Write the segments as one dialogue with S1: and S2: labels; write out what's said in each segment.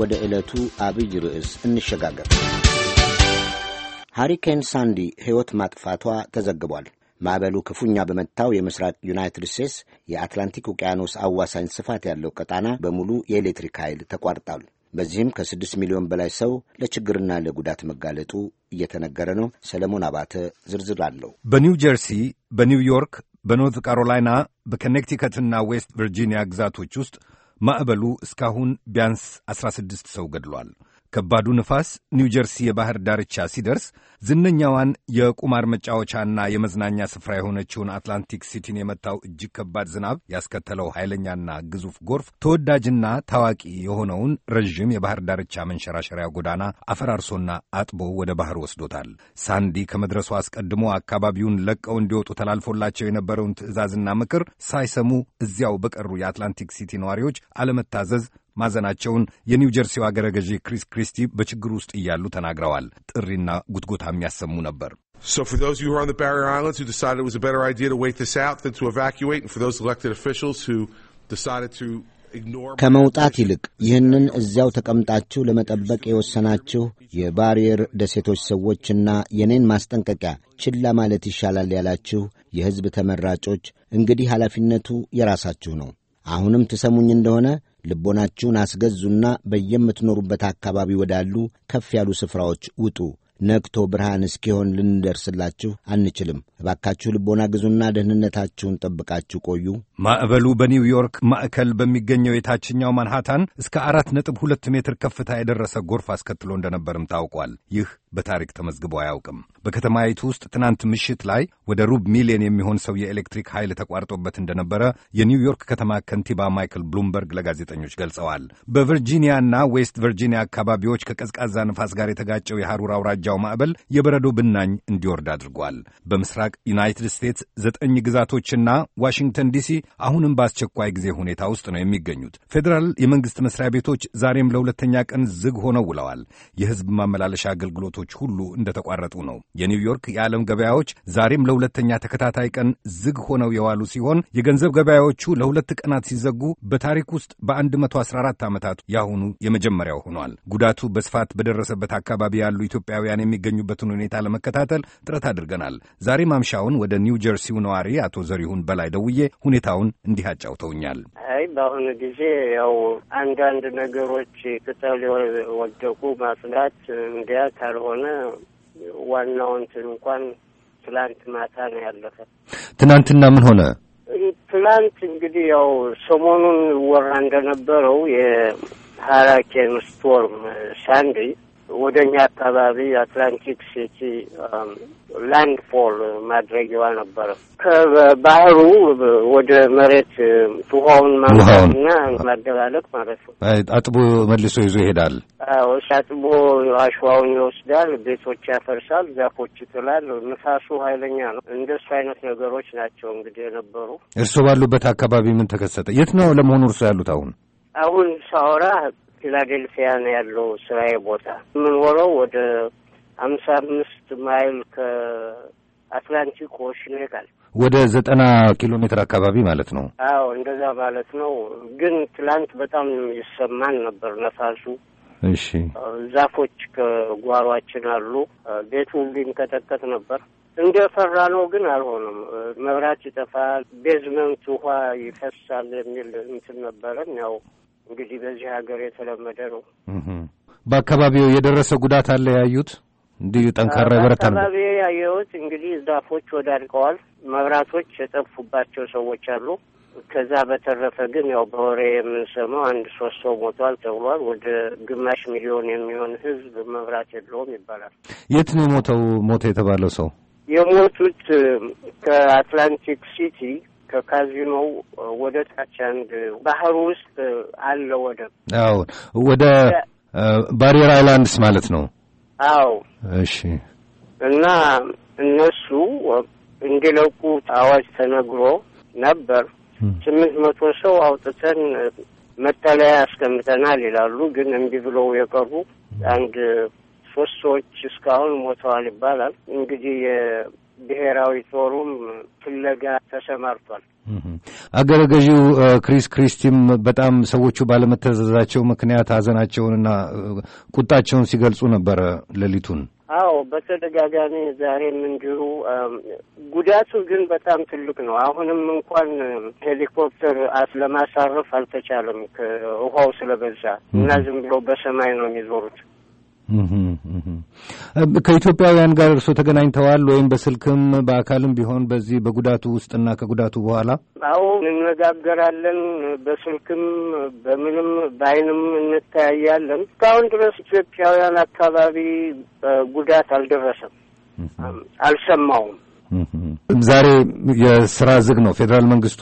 S1: ወደ ዕለቱ አብይ ርዕስ እንሸጋገር። ሃሪኬን ሳንዲ ሕይወት ማጥፋቷ ተዘግቧል። ማዕበሉ ክፉኛ በመታው የምስራቅ ዩናይትድ ስቴትስ የአትላንቲክ ውቅያኖስ አዋሳኝ ስፋት ያለው ቀጣና በሙሉ የኤሌክትሪክ ኃይል ተቋርጧል። በዚህም ከስድስት ሚሊዮን በላይ ሰው ለችግርና ለጉዳት መጋለጡ እየተነገረ ነው። ሰለሞን አባተ ዝርዝር አለው።
S2: በኒው ጀርሲ፣ በኒውዮርክ፣ በኖርት ካሮላይና፣ በኮኔክቲከትና ዌስት ቨርጂኒያ ግዛቶች ውስጥ ማዕበሉ እስካሁን ቢያንስ 16 ሰው ገድሏል። ከባዱ ንፋስ ኒውጀርሲ የባህር ዳርቻ ሲደርስ ዝነኛዋን የቁማር መጫወቻና የመዝናኛ ስፍራ የሆነችውን አትላንቲክ ሲቲን የመታው እጅግ ከባድ ዝናብ ያስከተለው ኃይለኛና ግዙፍ ጎርፍ ተወዳጅና ታዋቂ የሆነውን ረዥም የባህር ዳርቻ መንሸራሸሪያ ጎዳና አፈራርሶና አጥቦ ወደ ባህር ወስዶታል። ሳንዲ ከመድረሱ አስቀድሞ አካባቢውን ለቀው እንዲወጡ ተላልፎላቸው የነበረውን ትዕዛዝና ምክር ሳይሰሙ እዚያው በቀሩ የአትላንቲክ ሲቲ ነዋሪዎች አለመታዘዝ ማዘናቸውን የኒው ጀርሲው አገረ ገዢ ክሪስ ክሪስቲ በችግር ውስጥ እያሉ ተናግረዋል። ጥሪና ጉትጎታ የሚያሰሙ ነበር።
S3: So for those of you who are on the barrier islands who decided it was a better idea to wait this out than to evacuate, and for those elected officials who decided
S1: to ignore... ከመውጣት ይልቅ ይህንን እዚያው ተቀምጣችሁ ለመጠበቅ የወሰናችሁ የባሪየር ደሴቶች ሰዎችና የኔን ማስጠንቀቂያ ችላ ማለት ይሻላል ያላችሁ የሕዝብ ተመራጮች፣ እንግዲህ ኃላፊነቱ የራሳችሁ ነው። አሁንም ትሰሙኝ እንደሆነ ልቦናችሁን አስገዙና በየምትኖሩበት አካባቢ ወዳሉ ከፍ ያሉ ስፍራዎች ውጡ። ነግቶ ብርሃን እስኪሆን ልንደርስላችሁ አንችልም። እባካችሁ ልቦና ግዙና ደህንነታችሁን ጠብቃችሁ ቆዩ።
S2: ማዕበሉ በኒውዮርክ ማዕከል በሚገኘው የታችኛው ማንሃታን እስከ አራት ነጥብ ሁለት ሜትር ከፍታ የደረሰ ጎርፍ አስከትሎ እንደነበርም ታውቋል። ይህ በታሪክ ተመዝግቦ አያውቅም። በከተማይቱ ውስጥ ትናንት ምሽት ላይ ወደ ሩብ ሚሊዮን የሚሆን ሰው የኤሌክትሪክ ኃይል ተቋርጦበት እንደነበረ የኒውዮርክ ከተማ ከንቲባ ማይክል ብሉምበርግ ለጋዜጠኞች ገልጸዋል። በቨርጂኒያና ዌስት ቨርጂኒያ አካባቢዎች ከቀዝቃዛ ንፋስ ጋር የተጋጨው የሐሩር አውራጃው ማዕበል የበረዶ ብናኝ እንዲወርድ አድርጓል። በምስራቅ ዩናይትድ ስቴትስ ዘጠኝ ግዛቶችና ዋሽንግተን ዲሲ አሁንም በአስቸኳይ ጊዜ ሁኔታ ውስጥ ነው የሚገኙት። ፌዴራል የመንግሥት መስሪያ ቤቶች ዛሬም ለሁለተኛ ቀን ዝግ ሆነው ውለዋል። የሕዝብ ማመላለሻ አገልግሎቶ ሸቀጦች ሁሉ እንደተቋረጡ ነው። የኒውዮርክ የዓለም ገበያዎች ዛሬም ለሁለተኛ ተከታታይ ቀን ዝግ ሆነው የዋሉ ሲሆን የገንዘብ ገበያዎቹ ለሁለት ቀናት ሲዘጉ በታሪክ ውስጥ በ114 ዓመታት ያሁኑ የመጀመሪያው ሆኗል። ጉዳቱ በስፋት በደረሰበት አካባቢ ያሉ ኢትዮጵያውያን የሚገኙበትን ሁኔታ ለመከታተል ጥረት አድርገናል። ዛሬ ማምሻውን ወደ ኒው ጀርሲው ነዋሪ አቶ ዘሪሁን በላይ ደውዬ ሁኔታውን እንዲህ አጫውተውኛል።
S3: አይ በአሁኑ ጊዜ ያው አንዳንድ ነገሮች ቅጠል ወደቁ ማጽዳት እንዲያ ካልሆነ ከሆነ ዋናው እንትን እንኳን ትላንት ማታ ነው ያለፈ።
S2: ትናንትና ምን ሆነ?
S3: ትላንት እንግዲህ ያው ሰሞኑን ወራ እንደነበረው የሀራኬን ስቶርም ሳንዲ ወደ እኛ አካባቢ አትላንቲክ ሲቲ ላንድ ፎል ማድረጊዋ ነበረ። ከባህሩ ወደ መሬት um, ውሃውን ማምጣትና ማደላለቅ ማለት ነው።
S2: አጥቦ መልሶ ይዞ ይሄዳል።
S3: አጥቦ አሸዋውን ይወስዳል፣ ቤቶች ያፈርሳል፣ ዛፎች ይጥላል። ንፋሱ ኃይለኛ ነው። እንደሱ አይነት ነገሮች ናቸው እንግዲህ የነበሩ።
S2: እርስዎ ባሉበት አካባቢ ምን ተከሰተ? የት ነው ለመሆኑ እርስዎ ያሉት አሁን?
S3: አሁን ሳወራ ፊላዴልፊያ ነው ያለው ስራዬ ቦታ። የምንወረው ወደ አምሳ አምስት ማይል ከአትላንቲክ ኦሽን ይላል
S2: ወደ ዘጠና ኪሎ ሜትር አካባቢ ማለት ነው።
S3: አዎ እንደዛ ማለት ነው። ግን ትላንት በጣም ይሰማን ነበር ነፋሱ። እሺ ዛፎች ከጓሯችን አሉ። ቤቱ እንዲንቀጠቀጥ ነበር። እንደ ፈራ ነው ግን አልሆነም። መብራት ይጠፋል፣ ቤዝመንት ውሃ ይፈሳል የሚል እንትን ነበረን። ያው እንግዲህ በዚህ ሀገር የተለመደ ነው።
S2: በአካባቢው የደረሰ ጉዳት አለ ያዩት? እንዲህ ጠንካራ የበረታ ነው። አካባቢ
S3: ያየሁት እንግዲህ ዛፎች ወዳልቀዋል፣ መብራቶች የጠፉባቸው ሰዎች አሉ። ከዛ በተረፈ ግን ያው በወሬ የምንሰማው አንድ ሶስት ሰው ሞቷል ተብሏል። ወደ ግማሽ ሚሊዮን የሚሆን ህዝብ መብራት የለውም ይባላል።
S2: የት ነው የሞተው ሞተ የተባለው ሰው?
S3: የሞቱት ከአትላንቲክ ሲቲ ከካዚኖው ወደ ታች አንድ ባህር ውስጥ አለ ወደብ።
S2: አዎ፣ ወደ ባሪየር አይላንድስ ማለት ነው። አዎ። እሺ።
S3: እና እነሱ እንዲለቁ አዋጅ ተነግሮ ነበር። ስምንት መቶ ሰው አውጥተን መጠለያ ያስቀምጠናል ይላሉ። ግን እምቢ ብለው የቀሩ አንድ ሶስት ሰዎች እስካሁን ሞተዋል ይባላል። እንግዲህ ብሔራዊ ፎሩም ፍለጋ ተሰማርቷል።
S2: አገረ ገዢው ክሪስ ክሪስቲም በጣም ሰዎቹ ባለመታዘዛቸው ምክንያት ሀዘናቸውንና ቁጣቸውን ሲገልጹ ነበረ ሌሊቱን።
S3: አዎ በተደጋጋሚ ዛሬም እንዲሁ። ጉዳቱ ግን በጣም ትልቅ ነው። አሁንም እንኳን ሄሊኮፕተር ለማሳረፍ አልተቻለም፣ ውሃው ስለበዛ እና ዝም ብሎ በሰማይ ነው የሚዞሩት።
S2: ከኢትዮጵያውያን ጋር እርስዎ ተገናኝተዋል ወይም በስልክም በአካልም ቢሆን በዚህ በጉዳቱ ውስጥና ከጉዳቱ በኋላ?
S3: አዎ እንነጋገራለን። በስልክም በምንም በአይንም እንተያያለን። እስካሁን ድረስ ኢትዮጵያውያን አካባቢ ጉዳት አልደረሰም፣ አልሰማውም።
S2: ዛሬ የስራ ዝግ ነው። ፌዴራል መንግስቱ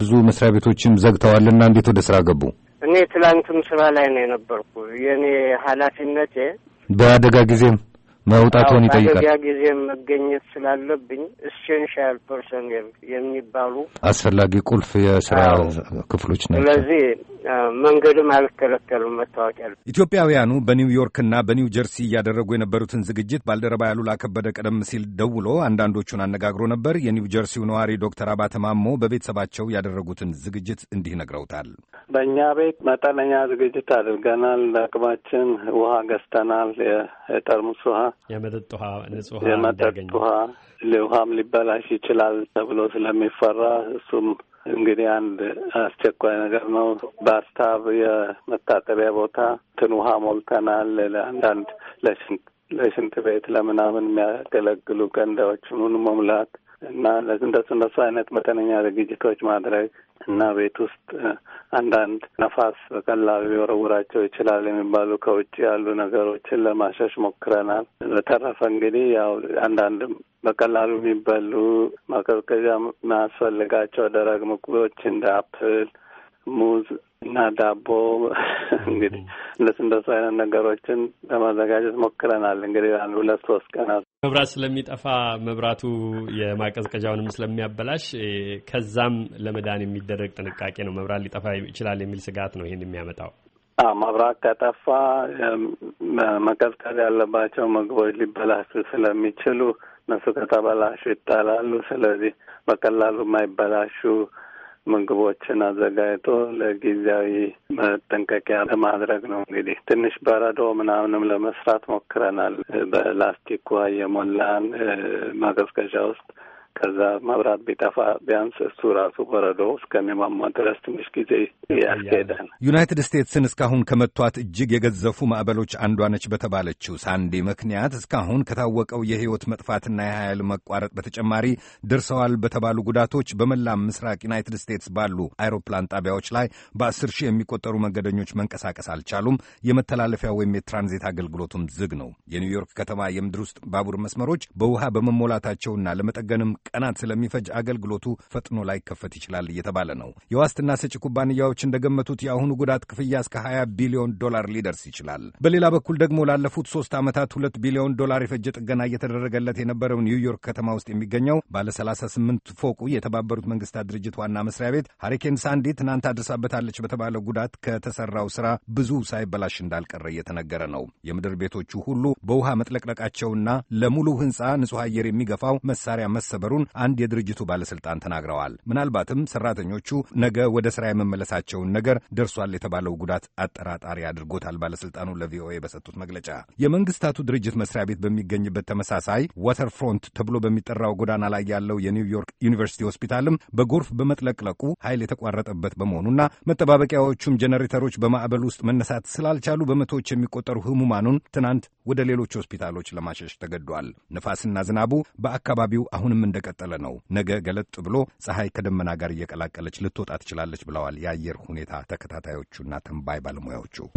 S2: ብዙ መስሪያ ቤቶችም ዘግተዋል እና እንዴት ወደ ስራ ገቡ?
S3: እኔ ትላንትም ስራ ላይ ነው የነበርኩ። የእኔ ኃላፊነቴ
S2: በአደጋ ጊዜም መውጣቱን ይጠይቃል። በአደጋ
S3: ጊዜ መገኘት ስላለብኝ ኤሴንሻል ፐርሰኔል የሚባሉ
S2: አስፈላጊ ቁልፍ የስራ ክፍሎች ናቸው። ስለዚህ
S3: መንገድም አልከለከሉም። መታወቂያ
S2: ኢትዮጵያውያኑ በኒውዮርክና በኒው ጀርሲ እያደረጉ የነበሩትን ዝግጅት ባልደረባ ያሉላ ከበደ ቀደም ሲል ደውሎ አንዳንዶቹን አነጋግሮ ነበር። የኒው ጀርሲው ነዋሪ ዶክተር አባተ ማሞ በቤተሰባቸው ያደረጉትን ዝግጅት እንዲህ ነግረውታል።
S4: በእኛ ቤት መጠነኛ ዝግጅት አድርገናል። አቅማችን ውሃ ገዝተናል። የጠርሙስ ውሃ፣ የመጠጥ ውሃ፣ ንጹህ ውሃ፣ የመጠጥ ውሃ ውሃም ሊበላሽ ይችላል ተብሎ ስለሚፈራ እሱም እንግዲህ አንድ አስቸኳይ ነገር ነው። ባስታብ የመታጠቢያ ቦታ እንትን ውሃ ሞልተናል። ለአንዳንድ ለሽንት ቤት ለምናምን የሚያገለግሉ ገንዳዎችን መሙላት እና እንደሱ እንደሱ አይነት መጠነኛ ዝግጅቶች ማድረግ እና ቤት ውስጥ አንዳንድ ነፋስ በቀላሉ ሊወረውራቸው ይችላል የሚባሉ ከውጭ ያሉ ነገሮችን ለማሸሽ ሞክረናል። በተረፈ እንግዲህ ያው አንዳንድ በቀላሉ የሚበሉ ማቀዝቀዣ ማያስፈልጋቸው ደረቅ ምግቦች እንደ አፕል፣ ሙዝ እና ዳቦ እንግዲህ እንደሱ እንደሱ አይነት ነገሮችን ለማዘጋጀት ሞክረናል። እንግዲህ አንድ ሁለት ሶስት ቀናት
S3: መብራት ስለሚጠፋ መብራቱ የማቀዝቀዣውንም ስለሚያበላሽ ከዛም ለመዳን የሚደረግ ጥንቃቄ ነው። መብራት ሊጠፋ ይችላል የሚል ስጋት ነው ይህን የሚያመጣው።
S4: መብራት ከጠፋ መቀዝቀዝ ያለባቸው ምግቦች ሊበላሹ ስለሚችሉ እነሱ ከተበላሹ ይጣላሉ። ስለዚህ በቀላሉ የማይበላሹ ምግቦችን አዘጋጅቶ ለጊዜያዊ መጠንቀቂያ ለማድረግ ነው። እንግዲህ ትንሽ በረዶ ምናምንም ለመስራት ሞክረናል። በላስቲክ ውሃ እየሞላን ማቀዝቀዣ ውስጥ ከዛ መብራት ቢጠፋ ቢያንስ እሱ ራሱ በረዶ እስከሚሟሟ ድረስ ትንሽ ጊዜ ያስኬዳል።
S2: ዩናይትድ ስቴትስን እስካሁን ከመቷት እጅግ የገዘፉ ማዕበሎች አንዷ ነች በተባለችው ሳንዲ ምክንያት እስካሁን ከታወቀው የህይወት መጥፋትና የኃይል መቋረጥ በተጨማሪ ደርሰዋል በተባሉ ጉዳቶች በመላ ምስራቅ ዩናይትድ ስቴትስ ባሉ አይሮፕላን ጣቢያዎች ላይ በአስር ሺህ የሚቆጠሩ መንገደኞች መንቀሳቀስ አልቻሉም። የመተላለፊያ ወይም የትራንዚት አገልግሎቱም ዝግ ነው። የኒውዮርክ ከተማ የምድር ውስጥ ባቡር መስመሮች በውሃ በመሞላታቸውና ለመጠገንም ቀናት ስለሚፈጅ አገልግሎቱ ፈጥኖ ላይከፈት ይችላል እየተባለ ነው። የዋስትና ሰጪ ኩባንያዎች እንደገመቱት የአሁኑ ጉዳት ክፍያ እስከ 20 ቢሊዮን ዶላር ሊደርስ ይችላል። በሌላ በኩል ደግሞ ላለፉት ሶስት ዓመታት ሁለት ቢሊዮን ዶላር የፈጀ ጥገና እየተደረገለት የነበረው ኒውዮርክ ከተማ ውስጥ የሚገኘው ባለ 38 ፎቁ የተባበሩት መንግስታት ድርጅት ዋና መስሪያ ቤት ሀሪኬን ሳንዲ ትናንት አድርሳበታለች በተባለ ጉዳት ከተሰራው ስራ ብዙ ሳይበላሽ እንዳልቀረ እየተነገረ ነው። የምድር ቤቶቹ ሁሉ በውሃ መጥለቅለቃቸውና ለሙሉ ህንፃ ንጹህ አየር የሚገፋው መሳሪያ መሰበሩ መጀመሩን አንድ የድርጅቱ ባለስልጣን ተናግረዋል። ምናልባትም ሰራተኞቹ ነገ ወደ ስራ የመመለሳቸውን ነገር ደርሷል የተባለው ጉዳት አጠራጣሪ አድርጎታል። ባለስልጣኑ ለቪኦኤ በሰጡት መግለጫ የመንግስታቱ ድርጅት መስሪያ ቤት በሚገኝበት ተመሳሳይ ዋተር ተብሎ በሚጠራው ጎዳና ላይ ያለው የኒውዮርክ ዩኒቨርሲቲ ሆስፒታልም በጎርፍ በመጥለቅለቁ ኃይል የተቋረጠበት በመሆኑና መጠባበቂያዎቹም ጀነሬተሮች በማዕበል ውስጥ መነሳት ስላልቻሉ በመቶዎች የሚቆጠሩ ህሙማኑን ትናንት ወደ ሌሎች ሆስፒታሎች ለማሸሽ ተገዷል። ነፋስና ዝናቡ በአካባቢው አሁንም እንደቀጠለ ነው። ነገ ገለጥ ብሎ ፀሐይ ከደመና ጋር እየቀላቀለች ልትወጣ ትችላለች ብለዋል የአየር ሁኔታ ተከታታዮቹና ተንባይ ባለሙያዎቹ።